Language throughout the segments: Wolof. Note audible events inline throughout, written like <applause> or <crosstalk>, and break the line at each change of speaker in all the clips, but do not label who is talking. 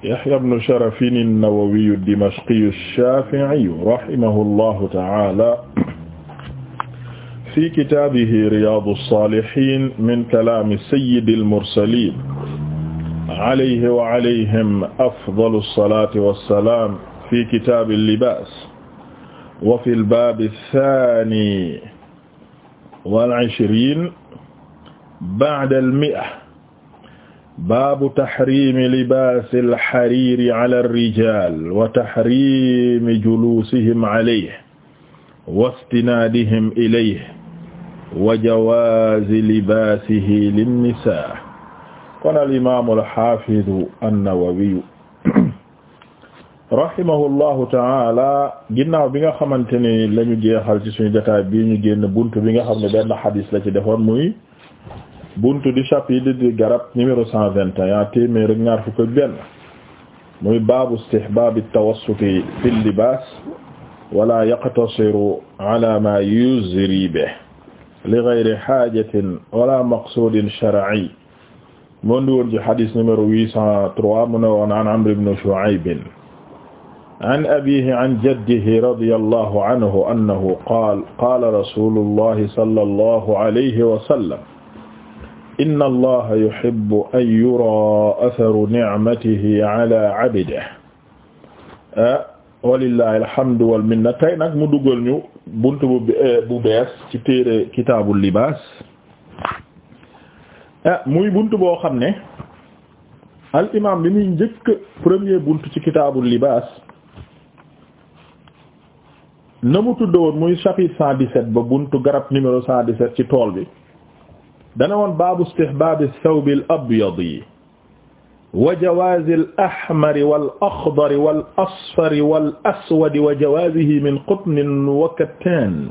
Yahya ibn Sharafin an-Nawawi ad-Dimashqi ash-Shafi'i rahimahullahu ta'ala fi kitaabihi Riyaadu as-Saalihiin min kalaami sayyidi al-mursaliin alayhi wa alayhim afdalu as-salaati was-salaam fi kitaabi al-libaas wa fi al-baabi ath-thaani wal ishriin ba'da al-mi'a baabu taxrimi libaasi alxariiri ala alrijal wa taxrimi juluusihim alayhi wa istinaadihim ilayhi wa jawaazi libaasihi linnisaa kon alimaamu alxaafidu annawawiyu rahimahu llahu taala ginnaaw bi nga xamante ne la ñu jeexal ci suñu jotaay bii ñu génn bunt bi nga xam ne benn xadis la ci defoon muy buntu di chapitre di garab numéro cent vingt et un téeméer ak ñaar fukk ak benn muy baabu istihbaabi tawassuti fi libaas wala yaqtasiru ala ma yuzri bihi li ghayri haajatin wala maqsuudin shar'i moo ndi woon ci hadis numéro huit cent trois mu ne woon an Amr ibn Shu'ayb an abiihi an jaddihi radiyallahu anhu annahu qaala qaala rasuulullahi sallallahu alayhi wa sallam inna allaha yuhibbu an yura atharu ni'matihi ala abdihi ah, walillahi alhamdu wal minna tey nag mu dugal ñu bunt eh, bu bees ci téere kitaabul libaas ah, muy bunt boo xam ne al imaam bi muy njëkk premier bunt ci kitaabul libaas na mu tudda woon muy chapitre 117 ba buntu garab numéro 117 ci tool bi dana woon baabu istihbaab ath-thawb al-abyad wa jawaaz al-ahmar wal-akhdar wal-asfar wal-aswad wa jawaazihi min qutnin wa kattan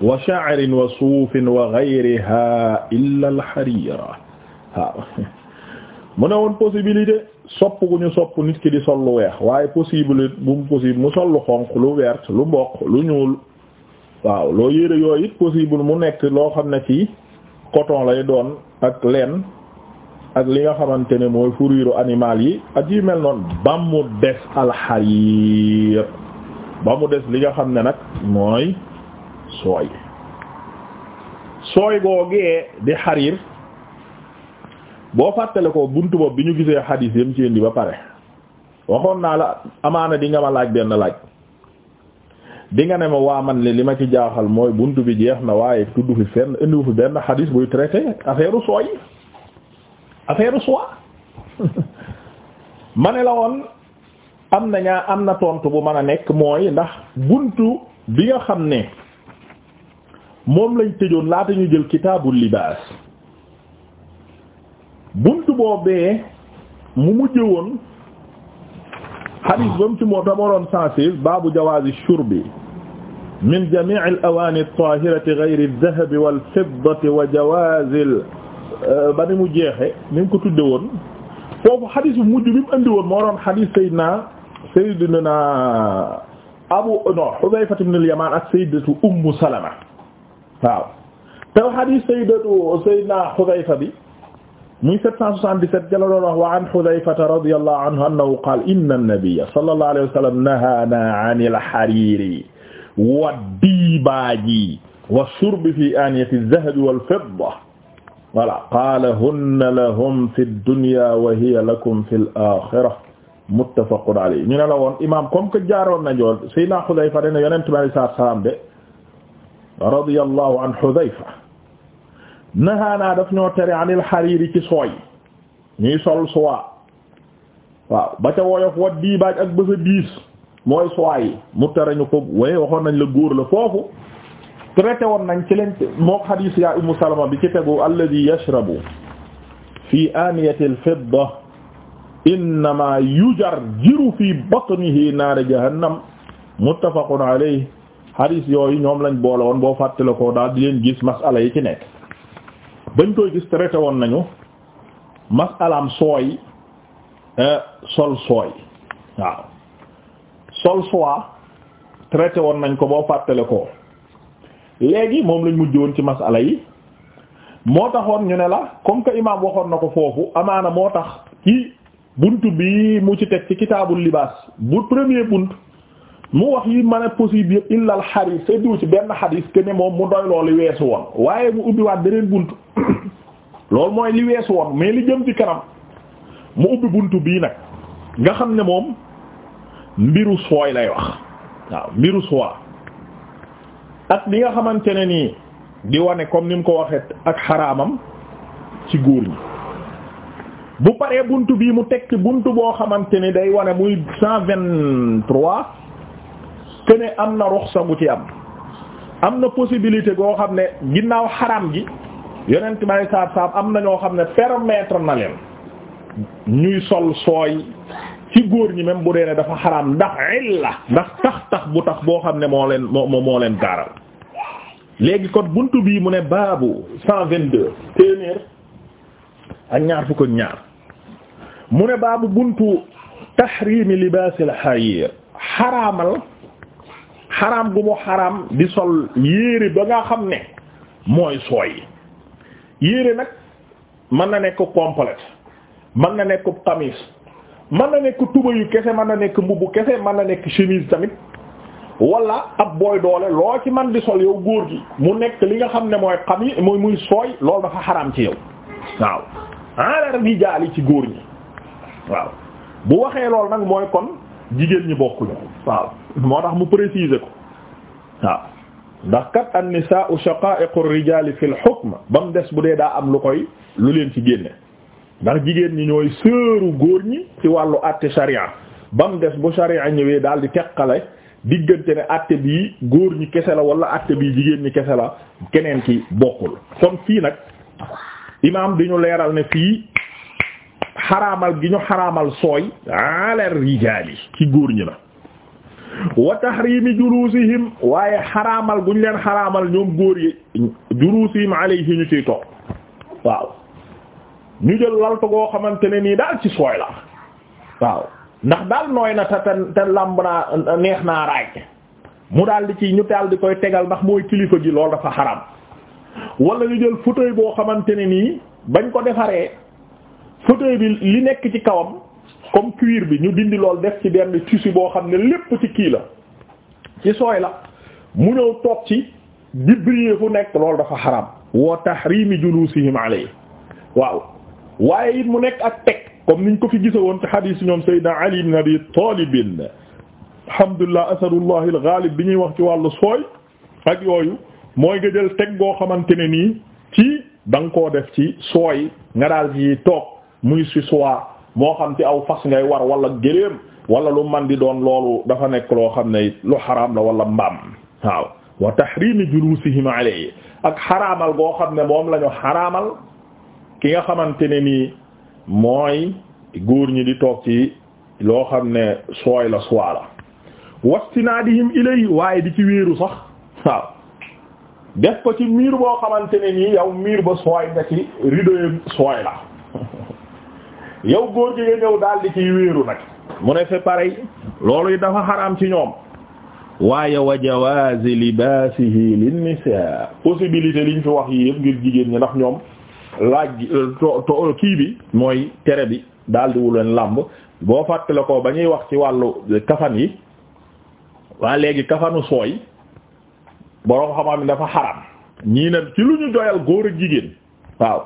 wa sha'rin wa suufin wa ghayrihaa illaa al-hariira waaw mu ne woon possibilité sopp gu ñu sopp nit ki di sol lu weex waaye possible bu mu possible mu sol lu xonq lu vert lu mboq lu ñuul waaw loo yére yooyu it possible mu nekk loo xam ne ci coton lay doon ak lenn ak li nga xamante ne mooy fourrure animal yi ak yu mel noonu ba mu des alxariir ba mu des li nga xam ne nag mooy sooy sooy googee di xariir boo fàttale ko buntu bopp bi ñu gisee xadiis yam ci indi ba pare waxoon naa la amaana di nga ma laaj benn laaj bi nga ne ma waa man li ma ci jaaxal mooy buntu bi jeex na waaye tudd fi fenn indiwu fi benn xadis buy traité affaire u sooy affaire <laughs> ma ne la woon am na ñaa am na tontu bu man a nekk mooy ndax buntu bi nga xam ne moom lañ tëjoon laata ñu jël kitaabul libaas buntu boobee mu mujj woon xadis ba mu ci moo tamooroon sensible baabu jawaazi bi min jamii al-awaani at-taahirati ghayri adh-dhahabi wal-fiddati wa jawaazil euh, ba ni mu jeexe ni mu ko tudde woon foofu xadis bu mujj bi mu andi woon moo doon xadis Seydina Seydina Abu no Hudayfa ibn al-Yamaan ak Sayyidatu Ummu Salama waaw te xadis Sayyidatu Seydina Hudayfa bi muy 777 jala doon wax wa an Hudayfata radiyallahu anhu annahu qaala inna an-nabiyya sallallahu alayhi wa sallam nahaana anil hariiri wa diibaaji wa shurbi fi aaniyati az-zahabi wal-fidda voilà qaala hunna lahum fi dunya wa hiya lakum fi al-axira muttafaqun alayhi ñu ne la woon imaam comme que jaaroon na jool Seydina Xudayfa dana yonent bi alayhi salaatu wa salaam de radiyallahu an Xudayfa nahaanaa daf ñoo tere anil xariiri ci sooy ñuy sol suwaa waaw ba ca woyof wa diibaaj ak bësa diis mooy soie yi mu tere ñu ko waaye waxoon nañ la góor la foofu traité woon nañ ci leen moo xadiis yaa Ummu Salama bi ci tegu alladhi yashrabu fi aniyati al-fidda innama yujarjiru fi batnihi naara jahannam muttafaqun alayhi xadiis yooyu ñoom lañ boole woon ko daal di leen gis masala yi ci nekk bañ koy gis traité woon nañu masalaam sooy eh, sol sooy waaw sol soie traité woon nañ ko boo fàttale ko léegi moom lañ mujj woon ci masala yi moo taxoon ñu ne la comme que imaam waxoon na ko foofu amaana moo tax kii bunt bi mu ci teg ci kitaabul libaas bu premier bunt mu wax yi mën a possible yëpp illal xaris seddiwu ci benn xadis que ne moom mu doy lool li weesu woon waaye mu ubbiwaat beneen bunt <coughs> loolu mooy li weesu woon mais li jëm ci kanam mu ubbi bunt bii nag nga xam ne moom mbiru sooy lay wax waaw mbiru sooy ak li nga xamante ne nii di wane comme ni mu ko waxee ak xaraamam ci góor ñi bu paree buntu bii mu tekki buntu boo xamante ni day wane muy cent vingt trois que am na ruxsa gu ci am am na possibilité goo xam ne ginnaaw xaraam gi yonent may saab saab am na ñoo xam ne permettre na leen ñuy sol sooy ci góor ñi même bu dee ne dafa xaraam ndax illa ndax tax tax bu tax boo xam ne moo leen moo moo leen gaaral léegi kon buntu bii mu ne baabu cent vingt-deux téeméer ak ñaar fukk ak ñaar mu ne baabu buntu tahrimi libaasil xariir xaraamal xaraam gu mu xaraam di sol yére ba nga xam ne mooy sooy yére nag mën na nekk complète mën na nekk kamis man na nekk tuba yu kese mën na nekk mbubu kese man na nekk chemise tamit walla ab booy doole loo ci man di sol yow góor gi mu nekk li nga xam ne mooy xam yi muy muy sooy loolu dafa xaraam ci yow waaw ala rijaali ci góor ñi waaw bu waxee loolu nag mooy kon jigéen ñi bokkuñu waaw moo tax mu préciser ko waaw ndax kat an-nisaa'u shaqaa'iqu ar-rijaali fil hukm ba mu des bu dee daa am lu koy lu leen ci génne ndax jigéen ñi ñooy sëru góor ñi ci wàllu àtte sharia ba mu des bu sharia ñëwee daal di teqale diggante ne àtte bii góor ñi kese la wala àtte bii jigéen ñi kese la keneen ki bokkul kon fii nag imaam di ñu leeral ne fii xaraamal gi ñu xaraamal sooy ala rijaali ci góor ñi na wa tahrimi julusihim waaye xaraamal guñ leen xaraamal ñoom góor yi julusihim alayhi ñu ciy toog waaw ñu jël laltu goo xamante ne nii daal ci sooy la waaw ndax daal nooy na te te làmb naa neex naa raaj mu daal di ci ñu daal di koy tegal ndax mooy kilifa ji lool dafa xaram wala ñu jël fauteuil boo xamante ne nii bañ ko defaree fauteuil bi li nekk ci kawam comme cuir bi ñu dindi lool def ci benn tissu boo xam ne lépp ci kii la ci la mu ñëw toog ci di briller nekk loolu dafa xaram wa tahrimi julusihim waaw waaye it mu nekk ak teg comme niñ ko fi gisa woon ci xadiis ñoom Seydina Ali ibn Abi Talib alhamdulillah asadullah al-ghalib bi ñuy wax ci wàllu sooy ak yooyu mooy nga jël teg goo xamante ne nii ci da nga koo def ci sooy nga daal ci toog muy si soie moo xam ci aw fas ngay war wala gëléem wala lu man di doon loolu dafa nekk loo xam ne lu xaraam la wala mbaam waaw wa tahrimi julusihim alayhi ak xaraamal goo xam ne moom la ñu xaraamal ki nga xamante ne nii mooy góor ñi di toog ci loo xam ne sooy la soie la wastinaadihim ilay waaye di ci wéeru sax waaw def ko ci miir boo xamante ne nii yow miir ba sooy nga ci rideau sooy la yow góor gi nga ñëw daal di ciy wéeru nag mu ne c'est loolu yi dafa xaraam ci ñoom waaye wa jawaazi libaasihi lin nisaa possibilité ñu fi wax yi yëpp ngir jigéen ñi ndax ñoom laaj euh, to euh, kii bi mooy tere bi daal di làmb boo fàttale ko ba ñuy wax ci wàllu kafan yi waa léegi kafanu sooy boroom xam-xam ni dafa xaram ñii ne ci lu ñu doyal góor ak jigéen waaw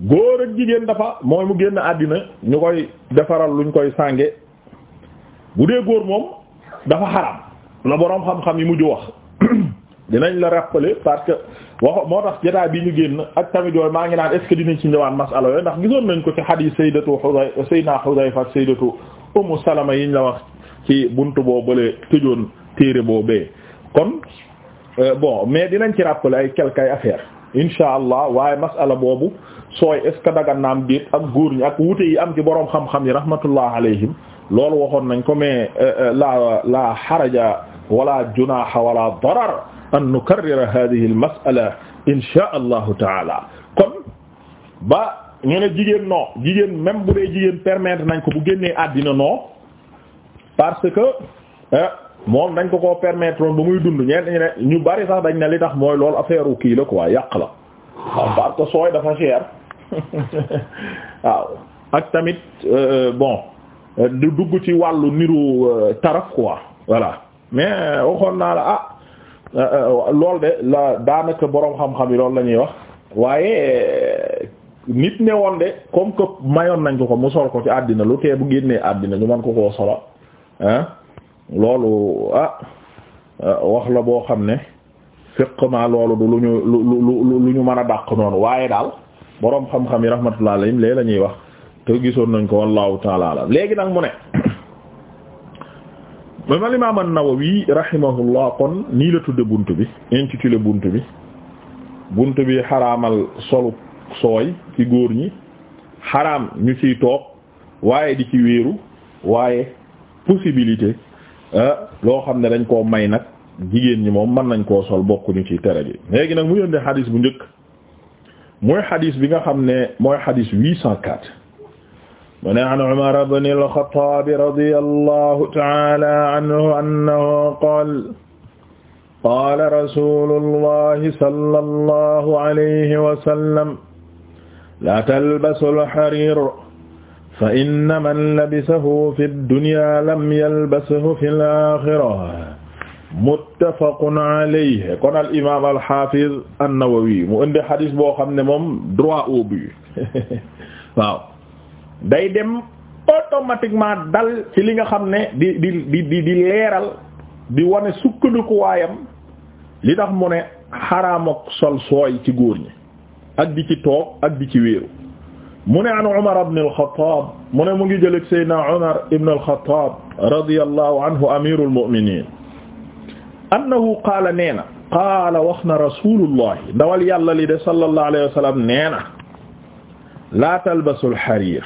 góor ak jigéen dafa mooy mu génn àddina ñu koy defaral luñ koy sànge bu dee góor moom dafa xaram la boroom xam-xam yi mujj wax <clears throat> dinañ la rappeler parce que wax moo tax jotaay bi ñu génn ak tamit yooyu maa ngi naan est-ce que dinañ ci ñëwaat masala yooyu ndax gisoon nañ ko ci hadith sayyidatu Hudayfa sayyidina Hudayfa ak sayyidatu Ummu Salama yi ñu la wax ci buntu boo bële tëjoon téere boobee kon euh, bon mais dinañ ci rappeler ay quelques affaire insha allah waaye masala boobu sooy est-ce que ak góor ñi ak wute yi am ci boroom xam-xam yi rahmatullah alayhim loolu waxoon nañ ko mais euh, euh, laa la xaraja wala junaha wala an nukarrira hadhihi al mas'ala insha allahu taala kon ba ñu ne jigéen non jigéen même bu dee jigéen permettre nañ ko bu génnee àddina non parce que ah, moom nañ ko ko permettre woon ba muy dund ñeen ñu ñu bari sax dañ ne li tax mooy loolu affaire u kii la ko waa yàq la waaw parce que sooy dafa cher <laughs> waaw ak tamit euh, bon du dugg ci wàllu niru euh, taraf quoi voilà mais waxoon naa la ah Euh, euh, lool de la daanaka boroom xam-xam yi loolu la ñuy wax waaye nit ne woon de comme que mayoon nañ ko ko mu sol ko ci àddina lu tee bu génnee àddina ñu man ko koo solo loolu ah euh, wax la boo xam ne ma loolu du lu ñu lu lu lu ñu mën a dàq noonu waaye daal boroom xam-xam yi rahmatullah alayhim léeg la ñuy wax te gisoon nañ ko wallahu taala alam léegi nag mu ne moom al imaam an-Nawawi rahimahullah kon nii la tudde bunt bi intitulé bunt bi bunt bi xaraamal solu sooy ci góor ñi xaraam ñu ciy toog waaye di ci wéeru waaye possibilité euh, loo xam ne dañ koo may nag jigéen ñi moom mën nañ koo sol bokk ñu ci tere bi léegi nag mu yónnee xadiis bu njëkk mooy xadiis bi nga xam ne mooy xadiis huit cent quatre mu ne an Umar ibn al-Khattab radiyallahu ta'ala anhu annahu qaala qaala rasuulullahi sallallahu alayhi wa sallam laa talbasul hariir fa inna man labisahu fid dunyaa lam yalbashu fil aaxira muttafaqun alayhi kon al imaam al haafiz an-Nawawi mu indi xadis boo xam ne moom droit au but <laughs> waaw. day dem automatiquement dal ci linga xam ne di di bi di di leeral di wane li tax mu ne xaraam ak sol ci góor ak di ci toog ak di ci wéeru mu ne an Umar ibn al mu ne mu ngi jëleg Seydina Umar ibn al-Khattab radiyallahu anhu amirul mu'minin annahu qaala nee na qaala wax na rasulullahi ndawal yàlla li de sallallahu alayhi wa sallam nee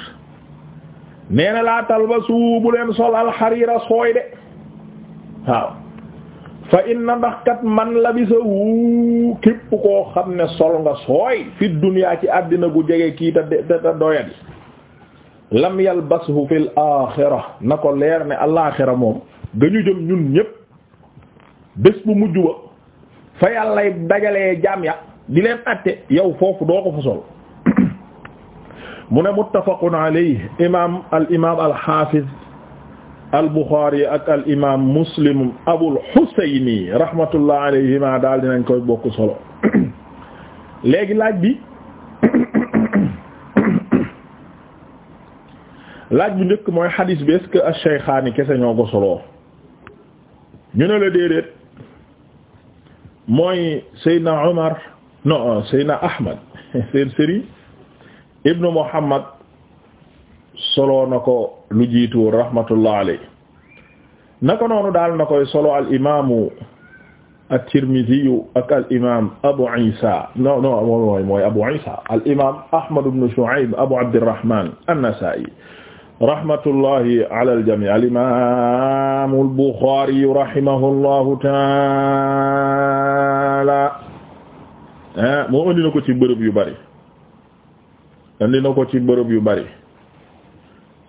nee na laa talbasu bu leen sol alxariira sooy de waaw fa inna ndax kat man labisa wu képp koo xam ne sol nga sooy fi duniyaa ci àddina gu jege kii ta ta doyadi lam yalbashu fil aaxira na ko leer ne alaaxira moom gañu jëm ñun ñépp bés bu mujj ba fa yàllay dajalee jaam ya di leen àtte yow foofu doo ko fa sol mu ne muttafaqun alayhi imaam al imaam al haafiz al buxaari ak al imaam muslim abul xusayni rahmatullah alayhima daal dinañ koy bokk solo léegi laaj bi laaj bi njëkk mooy xadiis bi est-ce que kese ñoo ko solo ñu ne la déedéet mooy Seydina Omar non Seydina Ahmad <laughs> seen sëriñ. ibnu muhammad solo na ko lu jiitu rahmatullah alayhi naka noonu daal na koy solo al imaamu at-Tirmidhi ak al imaam Abu Isa non non mooy mooy Abu Isa al imaam Ahmad ibn Shu'ayb Abu Abdirrahman an-Nasa'i rahmatullahi ala al-jami' al imaam al-Bukhari rahimahullahu ta'ala eh, mu indi na ko ci bërëb yu bari indi na ko ci bërëb yu bari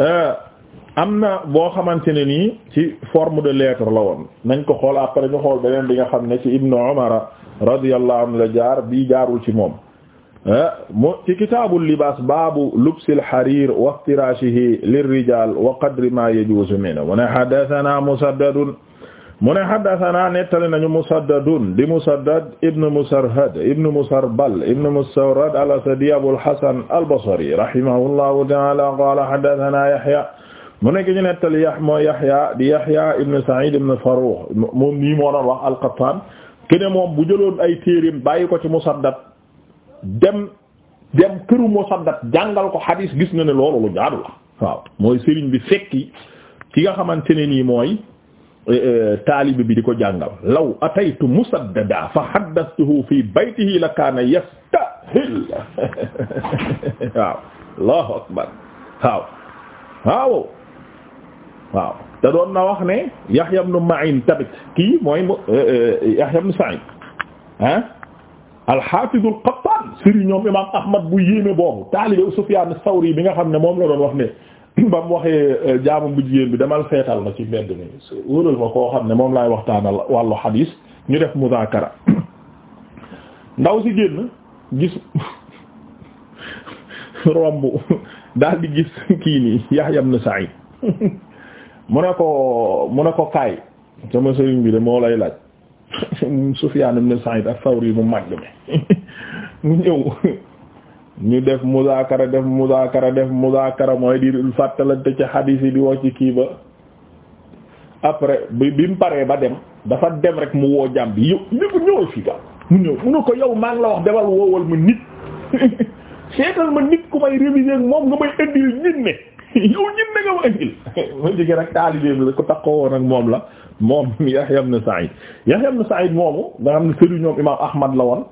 euh, am na boo xamante ne nii ci forme de lettre la woon nañ ko xool après ñu xool beneen bi nga xam ne ci ibnu umara radiyallahu anhu la jaar bii jaarul ci moom euh, mu ci kitaabul libaas baabu lubsil xariir wa iftiraashihi lirrijaal wa qadri ma yajuuzu minhu wa haddasanaa musaddadun mu ne haddathana nettali nañu Musaddadun di Musaddad ibn Musarhad ibn Musarbal ibn Mustawrad al-Asadi Abul Hasan al-Basri rahimahullahu ta'ala qala haddathana Yahya mu nekk ñu nettali Yahya mooy Yahya di Yahya ibn Sa'id ibn moo doon wax al-Qattan kene moom bu jëloon ay téereem bàyyi ko ci Musaddad dem dem këru Musaddad jàngal ko hadis gis nga ne loolu lu jaadu la waaw mooy sëriñ bi fekki ki nga xamante ne nii mooy Eh, eh, taalibe bi di ko jàngal law ataytu musaddada fa haddathtuhu fi baytihi la kaana yastahil <laughs> waaw allahu akbar waaw waaw waaw te doon na wax ne Yahya ibn Ma'in tamit kii mooy eh, Yahya ibn Sa'id ah al-Hafiz al-Qattan sëriñ ñoom imam Ahmad bu yéeme boobu taalibe Sufyan as-Sawri bi nga xam ne moom la doon wax ne <coughs> ba mu waxee euh, jaamu bu jigéen bi demal feetal ma ci mbedd mi wóoral ma koo xam ne moom laay waxtaanal wàllu xadiis ñu def muzaakara <coughs> ndaw si génn gis <coughs> romb daal di gis kii nii Yahya ibn Sa'id mu ne ko mu ne ko kaay sama sëriñ bi de moo lay laaj Sufyaan ibn Sa'id ak Sawri mu màgg mi <laughs> mu ñëw ñu def muzaakara def muzaakara def muzaakara mooy di fàttalante ci xadiis yi di wax kii ba après bi bi mu paree ba dem dafa dem rek mu woo jàmm bi yow ñu ko ñëwal fii ga mu ñëw mu ne ko yow maa ngi la wax demal woowal ma nit <laughs> seetal ma nit ku may réviser moom nga may indil ñin ne <laughs> yow ñin ne nga ma indil <laughs> ma jege rek taalibe bi la ko takkoo woon ak moom la moom Yahya ibn Sa'id Yahya ibn Sa'id moomu nga xam ne sëriñ ñoom Imaam Ahmad la woon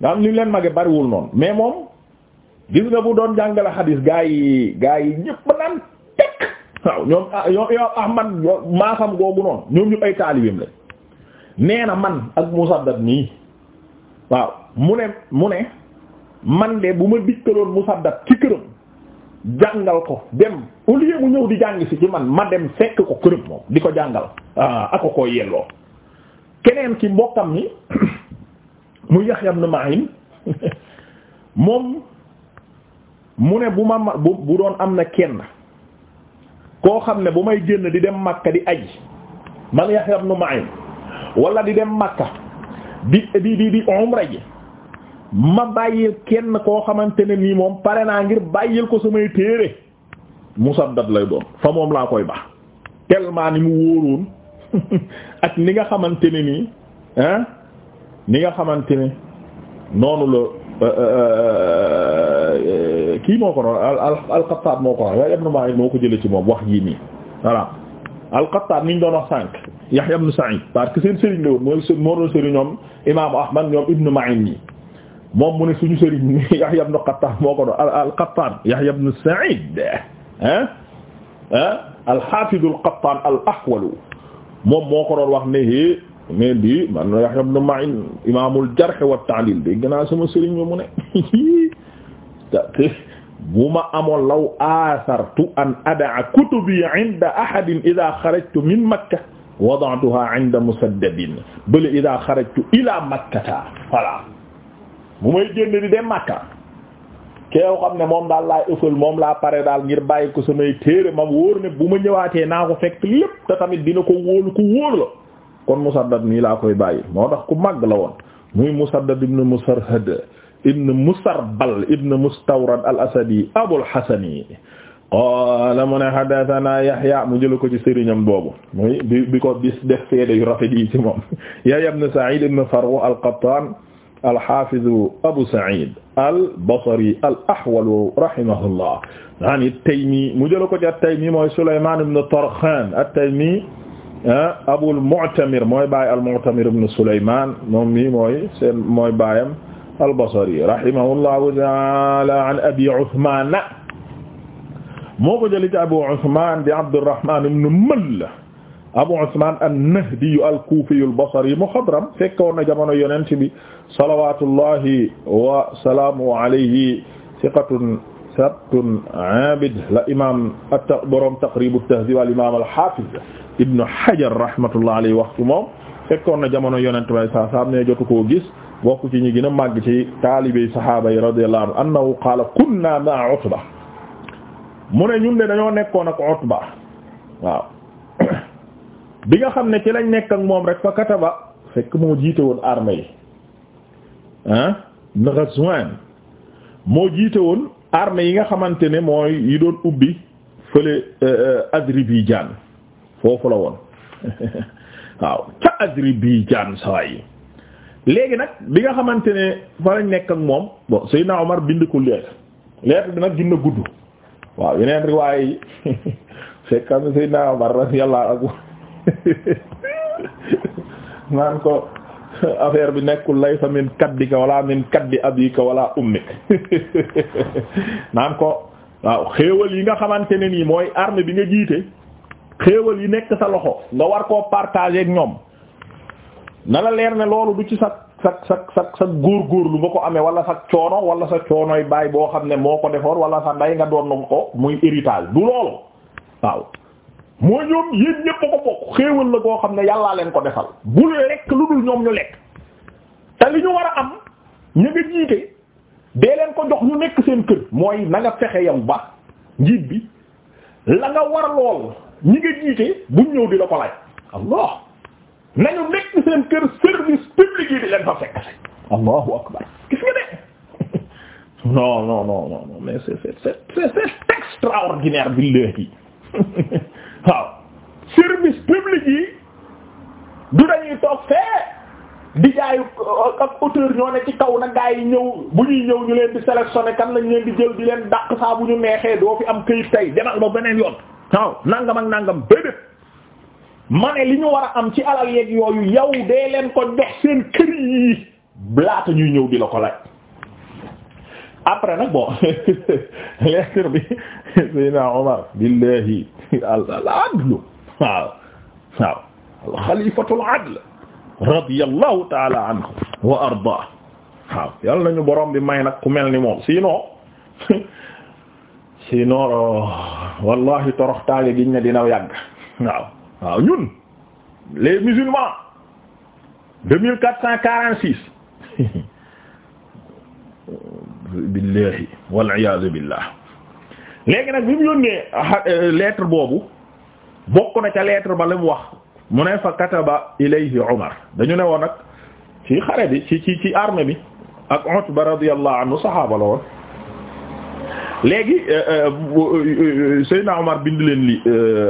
nga xam ni leen mag bariwul noonu mais moom gis nga bu doon jàngale xadiis gaa yi gaa yi ñëpp naan tekk waaw ñoom ah, yow Ahmad maasam googu noonu ñoom ñu ay taalibeem la nee na man ak Musaddad nii waaw mu ne mu ne man de bu ma dikkaloon Musaddad ci këram jàngal ko dem au mu ñëw di jàng si ci man ma dem fekk ko këram moom di ko jàngal ah ako ko yelloo keneen ci mbokkam ni mu Yahya ibn Ma'in moom mu ne bu ma ma bu bu doon am na kenn koo xam ne bu may génn di dem Makka di aji man Yahya ibn Ma'in wala di dem Makka di di di di ji ma bàyyil kenn koo xamante ne nii moom pare naa ngir bàyyil ko samay téere musaddad lay doon fa moom laa koy baax tellement ni mu wóoroon <laughs> ak ni nga xamante ne nii ni nga xamante ne noonu la euh, euh, euh, kii moo ko noonu al-Qattaab moo ko wax Yahya ibn Ma'iin moo ko jëlee ci moom wax jii ni voilà al-Qattaab ni ñu doon wax sànq Yahya ibn Sa'iid parce que seen sëriñ la moo doon sëriñ ñoom imaamu Ahmad moom ibn Ma'iin ñi moom mu ne suñu sëriñ <laughs> Yahya ibn Qattaab moo ko doon al-Qattaab Yahya ibn Sa'iid ah ah al-Haafiz al-Qattaan al-Ahwal moom moo ko doon wax ne mais bi man Yahya ibn Ma'in imaamul jarh wa ta'dil dégg naa sama sëriñ bi mu ne <laughs> bu ma amoon law asartu an adaa kutubi inda ahadin ida xarajtu min makka wada'tuha inda ila makkata voilà bu may génn di dem makka keew xam ne moom daal laa ëffal moom pare daal ngir bàyyi ko samay téere mam wóor ne bu ma ñëwaatee naa ko fekk lépp te tamit dina ko ku wóor la kon Musaddad nii laa koy bàyyi moo tax ku màgg la woon muy Musaddad ibn Musarhad ibn Musarbal ibn Mustawrad al-Asadi Abul Hasani qaala mu ne haddathana Yahya mu jëla ko ci sëriñam boobu muy bi bi ko bis def seede yu rafet yi ci moom <laughs> Yahya ibn Sa'id ibn Farwa al-Qattan alxafidu Abu Saïd al-Basri al-Ahwal rahimahullah an at-Taymi mu jëla ko ci at-Taymi mooy Sulayman ibn Tarkhan at-Taymi Ah, Abul Mu'tamir mooy baay al-Mu'tamir ibn Sulaymaan moom mii mooy seen mooy baayam al-Basri rahimahullahu ta'ala an Abi Uthmaan moo ko jëlee ci Abu Uthmaan di Abdurrahmaan ibn Mull Abu Uthmaan an-Nahdi al-Kuufi al-Basri muxadram fekkoon na jamono Yonent bi salawaatullahi wa salaamuhu alayhi siqatun sabtun aabid la imaam borom Taqriib at-Tahdhiib al-imaam al-Haafiz ibnu hajar rahmatullah alayhi wax moom fekkoon na jamono yonent bay saa saam ne jotu koo gis bokk ci ñi gën a màgg ci taalibey sahaaba yi radiyallahu anhu annahu qaala kunna ma'a utba mu ne ñun de dañoo nekkoon ak utba waaw <coughs> bi nga xam ne ci lañ nekk moom rek fa kataba fekk moo jiite woon armée yi ah moo jiite woon armée yi nga xamante ne mooy yi doon ubbi fële euh, euh, Azerbaïdjan foofu la woon <laughs> waaw ca Azerbaïdjan saway léegi nag bi nga xamante ne fa lañ nekk ak moom bon Seydina Omar bind ko lettre bi nag gën gudd waaw yeneen riwaay yi <laughs> fekk am Seydina Omar radiyallahu anhu <laughs> naan ko affaire bi nekkul laysa min kaddika wala min kaddi abika wala ummik naan ko waaw xéewal yi nga xamante ne nii mooy armée bi nga jiite xéewal yi nekk sa loxo nga war koo partager ñoom na la leer ne loolu du ci sa sa sa góor góor góorgóorlu nga ko amee wala sa coono wala sa coonoy baay boo xam ne moo ko defoon wala sa nday nga doon na ko muy héritage du loolu waaw moo ñoom yéen ñépp ko bokk xéewal la koo xam ne yàllaa leen ko defal bul lekk lu dul ñoom ñu lekk te li ñu war a am ñu nga jiite dee leen ko jox ñu nekk seen kër mooy na nga fexe yow ba njiit bi la nga war lool ñi nga jiite buñ ñëw di la ko laaj allah nañu nekk seen kër service public yi di leen fa fekk allahu akbar gis nga de <laughs> non non non non mais c'est c'est c'est c'est extraordinaire billahi <laughs> waaw service public yi du dañuy toog fee di jaayu ak auteur ñoo ne ci kaw na gaa yi ñëw bu ñuy ñëw ñu leen di sélectionner kan lañ leen di jël di leen dàq saa bu ñu neexee doo fi am këyit tey demal ba beneen yoon waaw nangam ak nangam déedéet ma ne li ñu war a am ci alal yeeg yooyu yow dee leen ko jox seen kër yi laata ñuy ñëw di la ko laaj après nag bon <laughs> lettre bi <laughs> Seydina Omar billahi al adlu waaw waaw al xalifatul adl radiyallahu taala anhu wa ardaa waaw yàlla nañu borom bi may nag ku mel ni moom sinon <laughs> sinon wallahi toroxtaange gi ne dina yàgg waaw waaw ñun les musulmans deux mille quatre cent quarante six <laughs> billahi wal iyaazu billah nag bi mu yónnee euh, lettre boobu bokk na ca lettre ba la mu wax mu ne fa kataba ilayhi Umar dañu ne woon nag ci bi ak Utba radiyallahu anhu saxaaba la léegi euh, euh, euh, Seydina Omar bind leen li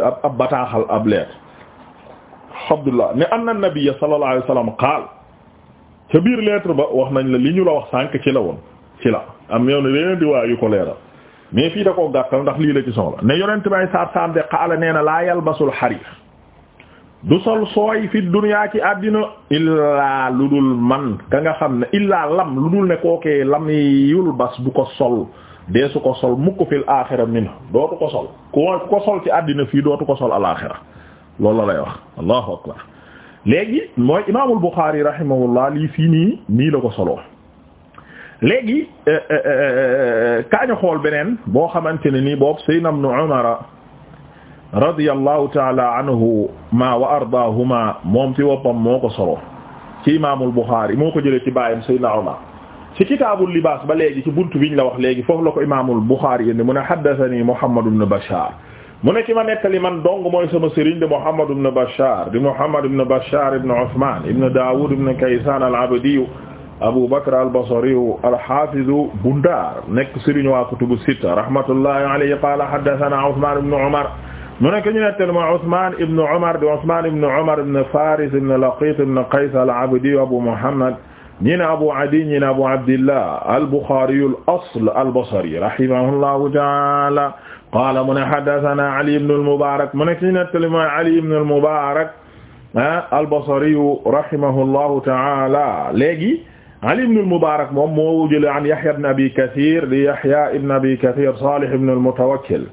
ab ab bataaxal ab leer Abdullah ne anna nabiyya sallallahu alayhi wa sallam qaal ca biir lettre ba wax nañ la li ñu la wax sànq ci la woon ci la am yow ne leneen di waa ko leeral mais fii da ko gàttal ndax lii la ci soxla ne yonent bay saat saam de qaala nee na laa yalbasul xariir du sol sooy fi dunyaa ci àddina illaa lu dul man ka nga xam ne illaa lam lu dul ne kookee lam yul bas du ko sol deesu ko sol mukk fil aaxira min dootu ko sol ko sol ci àddina fii dootu ko sol alaaxira loolu la lay wax allahu akbar léegi mooy imaamul Buxaari rahimahullah lii fii nii nii la ko solo léegi eh, eh, eh, kaañu xool beneen boo xamante ne nii boobu sayyidina ibnu Umar radiyallahu taala anhuma wa ardaahuma moom ci woppam moo ko soloo ci imaamul Buxaari moo ko jëlee ci baayam sayyidina Umar ci kitaabul libaas ba léegi ci buntu biñ la wax léegi foofu la ko imaamul Buxaari yéen mu ne haddathanii Muhammad ibn Bashaar mu ne ki ma nettali man dong mooy sama sëriñ di Muhammad ibn Bashaar di Muhammad ibn Bashaar ibn Usmaan ibn Daawuud ibn Kaysaan al-Abdiyu Abu Bakr al-Basriyu al-Haafizu Bundaar nekk sëriñ waa kutubu sitta rahmatullahi alayhi qaala haddathanaa Usmaan ibn Umar mu ne ki ñu nettali mooy Usmaan ibn Umar di Usmaan ibn Umar ibn Faaris ibn Laqiit ibn Qays al-Abdiyu Abu Muhammad ñi ne Abu Adi ñi ne Abu Abdillah al-Bukhari al-asl al-Basri rahimahullahu ta'ala qaala mu ne haddathana Ali ibn al-Mubarak mu ne ki nettali mooy Ali ibn al-Mubarak ah, al-Basri rahimahullahu ta'ala léegi Ali ibn al-Mubarak moom moo jëlee an Yahya ibn Abi Kathir di Yahya ibn Abi Kathir Salih ibn al-Mutawakkil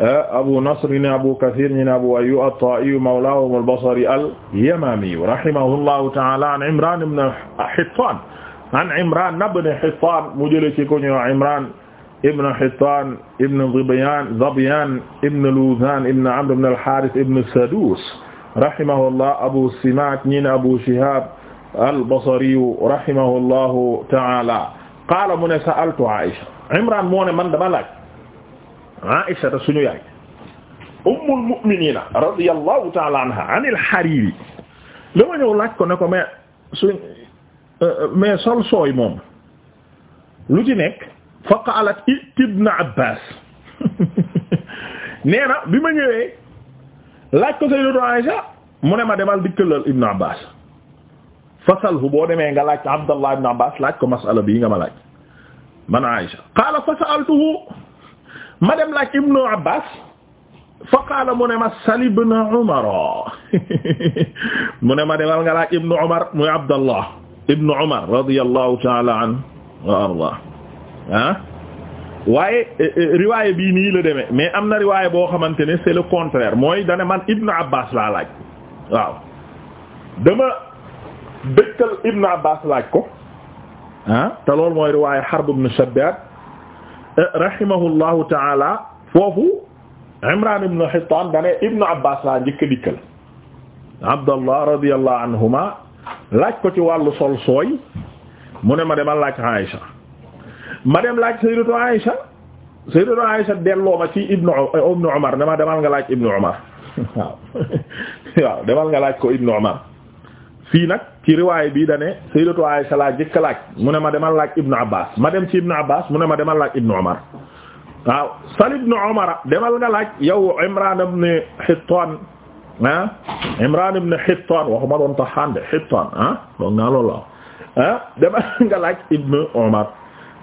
Eh, abu nasr ni abu kathir ni abu ayyub at-ta'i mawlahum al-basri al-yamami rahimahullahu ta'ala an imran ibn hittan an imran ibn hittan mu jële ci ko ñu imran ibn hittan ibn zabyan zabyan ibn luzan ibn amr ibn al-harith ibn sadus rahimahullah abu simak ni abu shihab al-basri rahimahullahu ta'ala qala mu ne sa'altu aisha imran moo ne man dama laaj Aïsha suñu yaay ummul mu'minina radiyallahu ta'ala anha anil hariri la ma ñëw laaj ko ne ko mais suñ euh, euh, mais sol sooy moom lu ci nekk fa qaalat iti ibn Abbas <laughs> nee na bi ma ñëwee laaj ko sayyidatu Aïsha mu ne ma demal dikkalal ibn Abbas fasalhu boo demee nga laaj Abdallah ibn Abbas laaj ko masala bii nga ma laaj man Aïsha qala fa sa'altuhu ma dem laaj ibnu abbas fa qaala mu ne ma salibna umara <laughs> mu ne ma demal nga laaj ibnu umar muy abdallah ah? waaye eh, eh, bii nii la demee mais am na riwaayé boo xamante ne c'est le contraire mooy dane man ibnu abbas laa la waaw dama dëkkal ibnu abbas laaj ko ah te loolu mooy riwaayé harb ibn Eh, rahimahullahu taala foofu Imran ibn Hittan dane Ibn Abbas laa njëkk a dikkal Abdallah radiyallahu anhuma laaj ko ci wàllu sol sooy mu ne ma demal laaj Aïcha ma dem laaj ma ci eh, demal nga laaj Ibn Umar <laughs> <laughs> ko fii nag ci riwaay bi dane sayyidatu Aisha laa jëkk laaj mu ne ma demal laaj ibnu abbas ma dem ci ibnu abbas mu ne ma demal laaj ibnu omar waaw sal ibnu omara demal nga laaj yow imran ibn hittan ah imran ibn hittan waxuma doon taxaan de hittan ah, loolu ah demal <laughs> nga laaj ibnu omar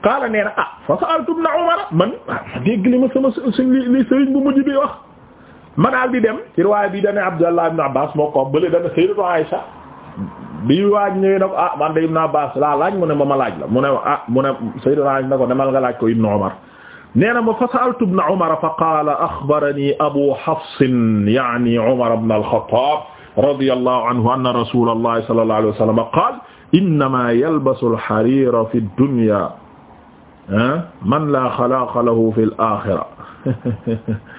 qaala nee na ah fa sa'altu ibnu omara man ah, dégg li ma sama li sëriñ bu mujj bi wax ma daal di dem ci riwaay bi dane abdullah ibnu abbas moo ko bële dane sayyidatu Aisha bi waaj ñëwee na ko ah man de Ibn Abbas laa laaj mu ne ma ma laaj la mu ne ah mu ne Seydina Ali na ko demal nga laaj ko Ibn Umar nee na ma fa sa'altu Ibn Umar fa qaala axbarani Abu Hafs ya'ni Umar ibn al-Khattab radiyallahu anhu anna rasulallah sallallahu alayhi wa sallam qaala innama yalbasu al-harira fi ad-dunya ah, man la xalaaqa lahu fi al-axira <laughs>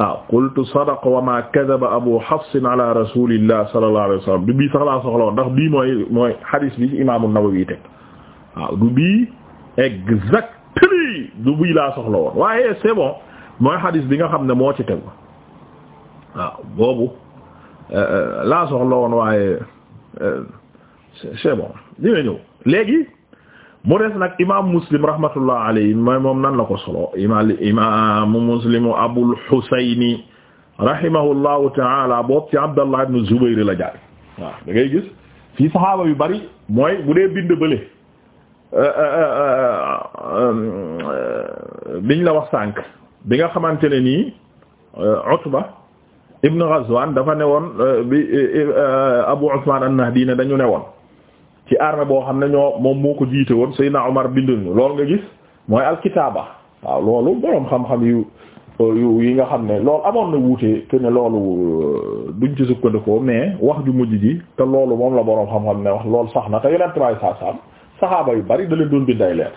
waaw qultu sadaqa wa ma kadaba abu hafs ala rasulillah sallallahu alayhi wa sallam du bii sax laa soxla woon ndax bii mooy mooy xadis bi imaamu Nawawi teg waaw du bii exactement du bii laa soxla woon waaye c'est bon mooy xadis bi nga xam ne moo ci teg waaw boobu euh, euh, laa soxla woon waaye euh, c'est bon dina ñëw léegi mu des nag imam muslim rahmatullah alayhi mooy moom nan la ko solo imaam imaamu muslimu abul husayni rahimahullahu taala boobu ci abdallah ibn la jaar waaw da ngay yu bari mooy bu dee bind bële euh, euh, euh, biñ la wax sànq bi nga xamante ne nii utba ibn ghazwan dafa ne woon bi abu usman an-nahdi dañu ne woon ci armée boo xam ne ñoo moom moo ko jiite woon Seydina Omar bindal ñu loolu nga gis mooy alkitaaba waaw loolu boroom xam-xam yu yu yi nga xam ne loolu amoon na wuute te ne loolu euh, duñ ci sukkandikoo mais wax ju mujj ji te loolu moom la boroom xam-xam ne wax loolu sax na te yeneen tubaab yi sax saxaaba yu bari da leen doon bind ay leer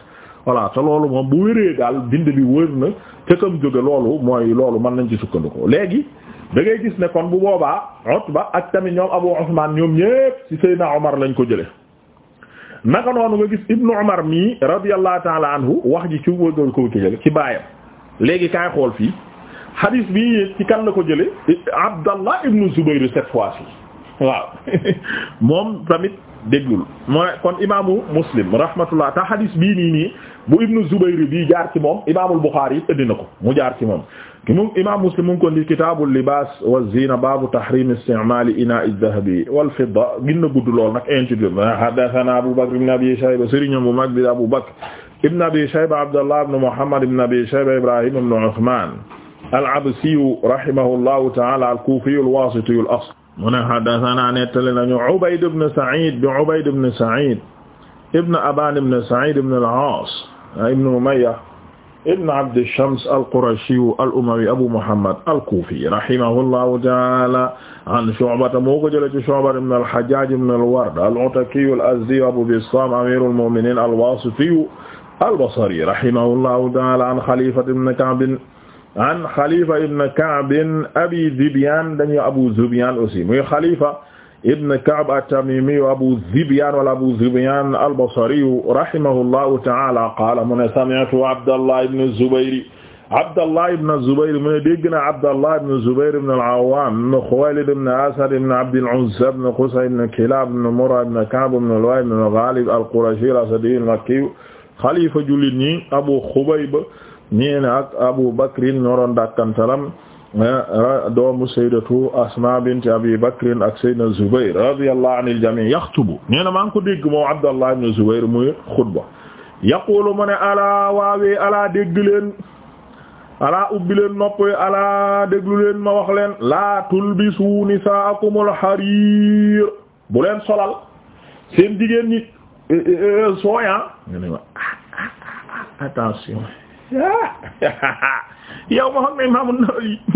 voilà te loolu moom bu wéree daal bind bi wër na te kam jóge loolu mooy loolu mën nañ ci sukkandikoo léegi da ngay gis ne kon bu boobaa Utba ak tamit ñoom Abu Usman ñoom ñépp ci lañ ko jële naka noonu nga gis ibnu umar mii radiyallahu taala anhu wax ji ci wëgal ko jële ci baayam léegi kaay xool fii hadis bi ci kan la ko jële abdallah ibnu zubayr cette fois ci waaw <laughs> moom tamit déglul mu ne kon imaamu muslim rahmatullah ta hadis bii nii nii bu ibnu zubayr bii jaar ci moom imaamul buxaari yi indi na ko mu jaar ci moom ki mu imaam muslim mu ngi ko ndi kitaabul libaas wa zina baabu tahrim isti'maal inaa'i dahabi wal fidda ginna gudd lool nag intitulé haddathana abu bakr ibn abi shayba sëriñam bu mag bi abu bakr ibn abi shayba abdullah ibn muhammad ibn abi shayba ibrahim ibn uthman al-absiyu rahimahullahu ta'ala al-kufiyu al-wasitiyu al-asl mu ne haddasanaa nettali nañu Ubayd ibn Sa'iid bi Ubayd ibn Sa'iid ibn Abaan ibn Sa'iid ibn al-Aas ibn Umayya ibn Abd ash-Shams al-Qurashi al-Umawi Abu Muhammad al-Kufi rahimahullahu ta'aala an Shu'ba moo ko jëlee ci Shu'ba ibn al-Hajjaaj ibn al-Ward al-Ataki al-Azdi Abu Bistaam amiiru al-mu'miniin al-Waasiti al-Basri rahimahullahu ta'aala an Khalifa ibn Ka'b an Xalifa ibn Ka'b Abi Zibyaan dañuy Abu Zibyaan aussi muy Xalifa ibn Ka'b at-Tamimi Abu Zibyaan wala Abu Zibyaan al-Basri rahimahullahu ta'ala qaala mu ne sami'tu Abdallah ibn Zubayr Abdallah ibn Zubayr mu ne dégg na Abdallah ibn Zubayr ibn al-Awwam ibn Khuwaylid ibn Asad ibn Abd al-Uzza ibn Qusay ibn Kilab ibn Murra ibn Ka'b ibn Lu'ay ibn Ghalib al-Qurashi al-Asadi al-Makki xalifa jullit ñi Abu Khubayb ñii ne ak Abu Bakrin ñoroon dakkantalam eh, doomu sayyidatu Asma bint Abi Bakrin ak sayyidna Zubayr radiyallahu anil jami' yaxtubu nee na maa ngi ko dégg moom Abdallah ibn Zubayr muy xutba yaqulu mu ne alaa waawee alaa dégg leen alaa ubbi leen nopp alaa déglu leen ma wax leen laa tulbisu nisaakumul xariir bu leen solal seen jigéen ñi eh, eh, sooyaan ah. nga ne ma ah, ah, attention <laughs> yow ma xam ne Imam An-Nawawi <laughs>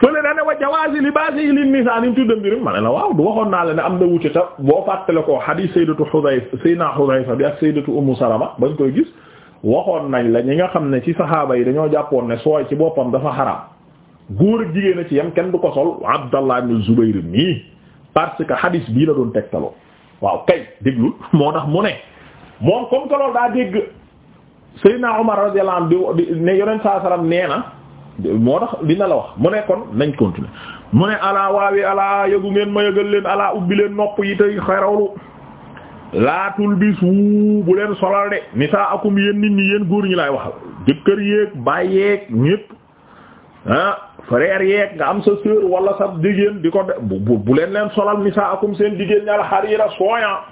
fële na ne wa jawaazi libaasi lin nisaa ni mu tudda mbir ma ne la waaw du waxoon naa la ne am na wuute ta boo fàttale ko hadith sayyidatu Hudayfa sayyidina Hudayfa bi ak sayyidatu Ummu Salama bañ koy gis waxoon nañ la ñi nga xam ne ci saxaaba yi dañoo jàppoon ne sooy ci boppam dafa xaraam góor ak jigéen a ci yam kenn du ko sol Abdallah ibn Zubayr nii parce que hadith bii la doon tegtaloo waaw kay déglu <laughs> moo tax mu ne moom comme que loolu daa dégg Seydina Omar radiyallahu anhu di ne saa salaam nee moo tax dina la wax mu ne kon nañ continuer mu ne alaa waawi alaa yëgu ngeen ma yëgal leen alaa ubbi leen nopp yi tey xerawlu laatul bis wuu bu leen solal de nisaa akum yéen nit ñi yéen góor ñi laay waxal jëkkër yeeg baay yeeg ñépp ah frère nga am sa sœur wala sa jigéen di ko de bu bu leen leen solal nisaa akum seen jigéen ñaar xariira sooya